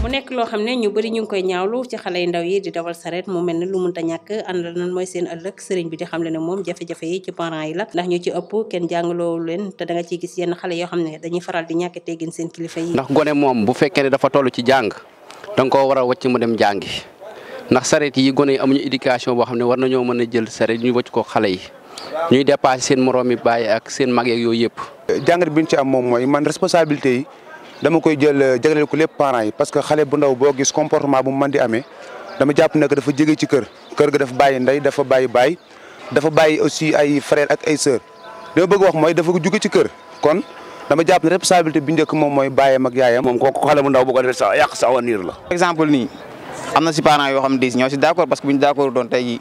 mu nekk loo xam ne ñu bëri ñu ngi koy ñaawlu ci xale yu ndaw yi di dawal saret mu mel ne lu munta ñàkk àndal nan mooy seen ëllëg sëriñ bi di xam le ne moom jafe-jafe yi ci parents yi la ndax ñu ci ëpp kenn jàngaloo leen te da nga ciy gis yenn xale yoo xam ne dañuy faral di ñàkk teggin seen kilifa yi ndax gone moom bu fekkee ne dafa toll ci jàng danga koo war a wàcc mu dem jàngi ndax saret yi gone yi amuñu éducation boo xam ne war nañoo mën a jël saret ñu wàcc ko xale yi ñuy dépassé seen moroom yi bàyyi ak seen mag yeeg yooyu yëpp jàngat bi ñu ci am moom mooy man responsabilité yi dama koy jël euh, jagleel ko lépp parents yi parce que xale bu ndaw boo gis comportement bu mu mën di amee dama jàpp ne dafa jege ci kër kër ga dafa bàyyi ndey dafa bàyyi baay dafa bàyyi aussi ay frère ak ay sœur li ma bëgg wax mooy dafa juge ci kër kon dama jàpp ne responsabilité bi njëkk moom mooy bàyyam ak yaayam. moom ko xale bu ndaw bu ko defee sa yàq sa avenir la. par exemple nii am na si parents yoo xam ne ñoo si d' accord parce que bu ñu d' accord doon tey jii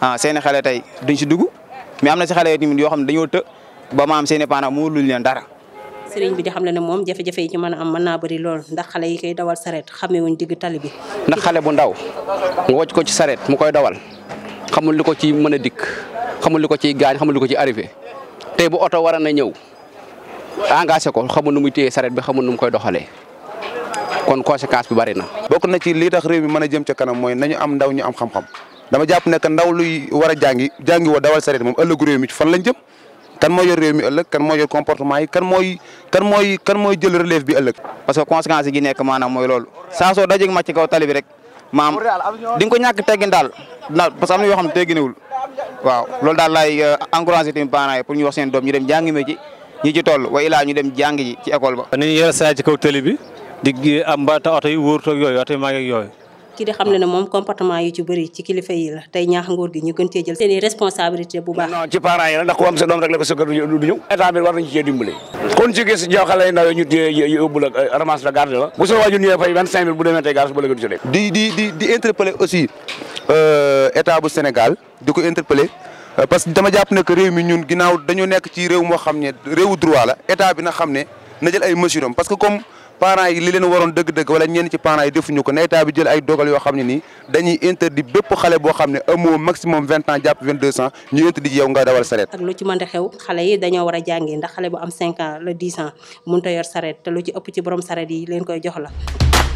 ah, xale tey duñ si dugg na xale yoo xam ne dañoo të ba maam seen i parents sëriñ bi di xam ne ne moom jafe-jafe yi ci mën a am mën naa bëri lool ndax xale yi koy dawal saret xamewuñ digg tali bi ndax xale bu ndaw nga wocc ko ci saret mu koy dawal xamul li ko ci mën a dikk xamul li ko ciy gaañ xamul li ko ci arrivé te bu oto war na ñëw engagé ko xamul nu muy téyee saret bi xamul nu mu koy doxalee kon conséquence bi bari na. bokk na ci li tax réew mi mën a jëm ca kanam mooy ñu am ndaw ñu am xam-xam dama jàpp ne que ndaw luy war a jàngi jàngi woo dawal saret moom ëllëgu réew mi fan lañ jëm kan moo yor réew mi ëllëg kan moo yor comportement yi kan mooy kan mooy kan mooy jël relève bi ëllëg. parce que conséquences yi nekk maanaam mooy loolu saa soo dajee ma ci kaw tali rek maam di nga ko ñàkk teggin daal parce que am na yoo xam ne tegginewul waaw loolu daal laay euh, encouragé tamit parents yi pour ñu wax seen doom ñu dem jàngi métier ñi ci toll wa ilaa ñu dem jàng ji ci école ba. ni ñu yore saa ci kaw tali bi di yi wóorut ak yooyu oto yooyu. ki di xam ne ne moom comportement yu ci bëri ci kilifa yi la tey ñaax gi ñu gën cee jël seeni responsabilité bu baax ci parents yi la ci di di aussi euh, état Sénégal di ko interpeller euh, parce que dama jàpp ne que réew mi ñun ginnaaw dañu nekk ci réew moo xam ne réewu droit bi na xam ne na jël parce que comme parents yi li leen waroon dëgg-dëgg wala ñenn ci parents yi defuñu ko na état bi jël ay dogal yoo xam ne nii dañuy interdit bépp xale boo xam ne amoo maximum vingt ans jàpp vingt deux ans ñu interdit yow nga dawal sareet ak lu ci a xew xale yi dañoo war a jàngi ndax xale bu am cinq ans le dix ans mënut a yor sareet te lu ci ëpp ci borom sareet yi leen koy jox la